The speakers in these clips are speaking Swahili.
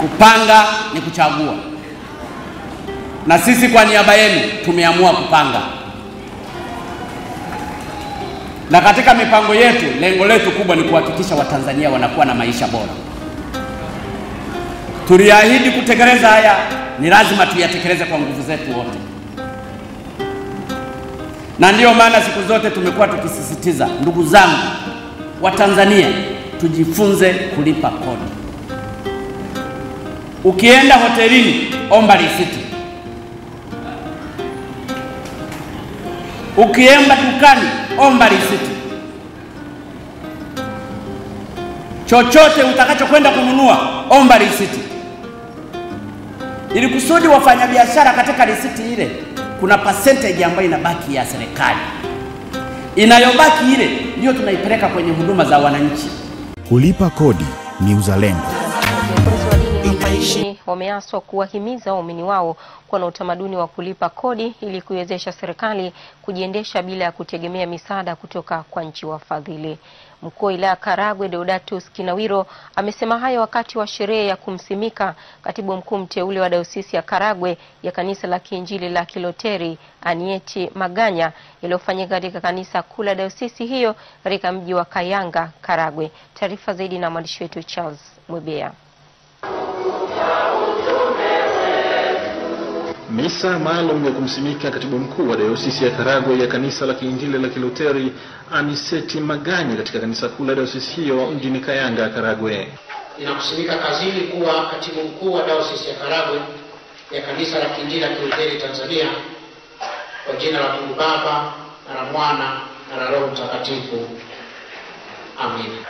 Kupanga ni kuchagua, na sisi kwa niaba yenu tumeamua kupanga, na katika mipango yetu, lengo letu kubwa ni kuhakikisha Watanzania wanakuwa na maisha bora. Tuliahidi kutekeleza haya, ni lazima tuyatekeleze kwa nguvu zetu wote, na ndiyo maana siku zote tumekuwa tukisisitiza, ndugu zangu Watanzania, tujifunze kulipa kodi. Ukienda hotelini, omba risiti. Ukienda dukani, omba risiti. Chochote utakachokwenda kununua, omba risiti, ili kusudi wafanyabiashara, katika risiti ile kuna percentage ambayo inabaki ya serikali, inayobaki ile ndiyo tunaipeleka kwenye huduma za wananchi. Kulipa kodi ni uzalendo wameaswa kuwahimiza waumini wao kuwa na utamaduni wa kulipa kodi ili kuiwezesha serikali kujiendesha bila ya kutegemea misaada kutoka kwa nchi wafadhili. Mkuu wa wilaya Karagwe Deodatus Kinawiro amesema hayo wakati wa sherehe ya kumsimika katibu mkuu mteule wa dayosisi ya Karagwe ya kanisa la Kiinjili la Kiloteri Anieti Maganya yaliyofanyika katika kanisa kuu la dayosisi hiyo katika mji wa Kayanga, Karagwe. Taarifa zaidi na mwandishi wetu Charles Mwebea. Misa maalum ya kumsimika katibu mkuu wa dayosisi ya Karagwe ya kanisa la Kiinjili la Kiluteri Aniseti Maganya katika kanisa kuu la dayosisi hiyo mjini Kayanga, Karagwe. Ninakusimika kazini kuwa katibu mkuu wa dayosisi ya Karagwe ya kanisa la Kiinjili la Kiluteri Tanzania kwa jina la Mungu Baba na la Mwana na la Roho Mtakatifu. Amina.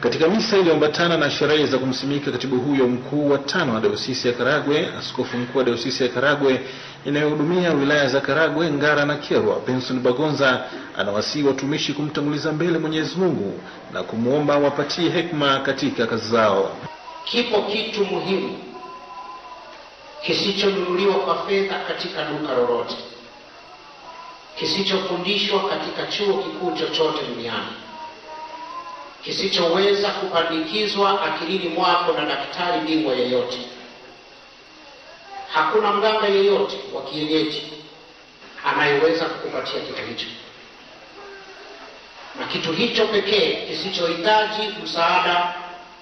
Katika misa iliyoambatana na sherehe za kumsimika katibu huyo mkuu wa tano wa dayosisi ya Karagwe, askofu mkuu wa dayosisi ya Karagwe inayohudumia wilaya za Karagwe, Ngara na Kyerwa, Benson Bagonza anawasihi watumishi kumtanguliza mbele Mwenyezi Mungu na kumwomba wapatie hekima katika kazi zao. Kipo kitu muhimu kisichonunuliwa kwa fedha katika duka lolote, kisichofundishwa katika chuo kikuu chochote duniani kisichoweza kupandikizwa akilini mwako na daktari bingwa yeyote. Hakuna mganga yeyote wa kienyeji anayeweza kukupatia kitu hicho, na kitu hicho pekee kisichohitaji msaada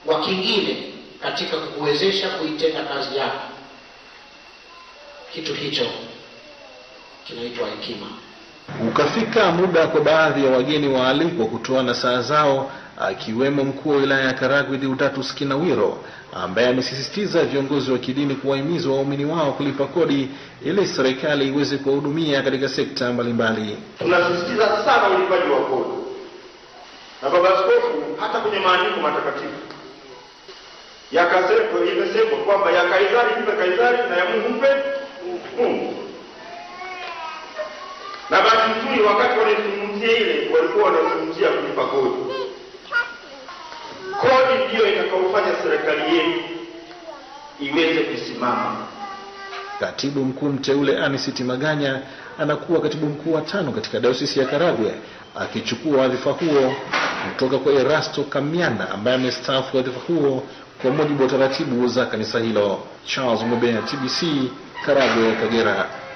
wa kingine katika kukuwezesha kuitenda kazi yako, kitu hicho kinaitwa hekima. Ukafika muda kwa baadhi ya wageni waalikwa na saa zao akiwemo mkuu wa wilaya ya Karagwe Deodatus Kinawiro ambaye amesisitiza viongozi wa kidini kuwahimiza waumini wao kulipa kodi ili serikali iweze kuwahudumia katika sekta mbalimbali. Tunasisitiza sana ulipaji wa kodi, na baba askofu, hata kwenye maandiko matakatifu yakasema, imesema kwamba ya Kaisari mpe Kaisari na ya Mungu mpe Mungu. Na basi nzuri, wakati wanaizungumzia ile, walikuwa wanazungumzia kulipa kodi itakaofanya serikali yetu iweze kusimama. Katibu mkuu mteule Anisi Timaganya anakuwa katibu mkuu wa tano katika dayosisi ya Karagwe, akichukua wadhifa huo kutoka kwa Erasto Kamiana ambaye amestaafu wadhifa huo kwa mujibu wa taratibu za kanisa hilo. Charles Mobea, TBC, Karagwe, Kagera.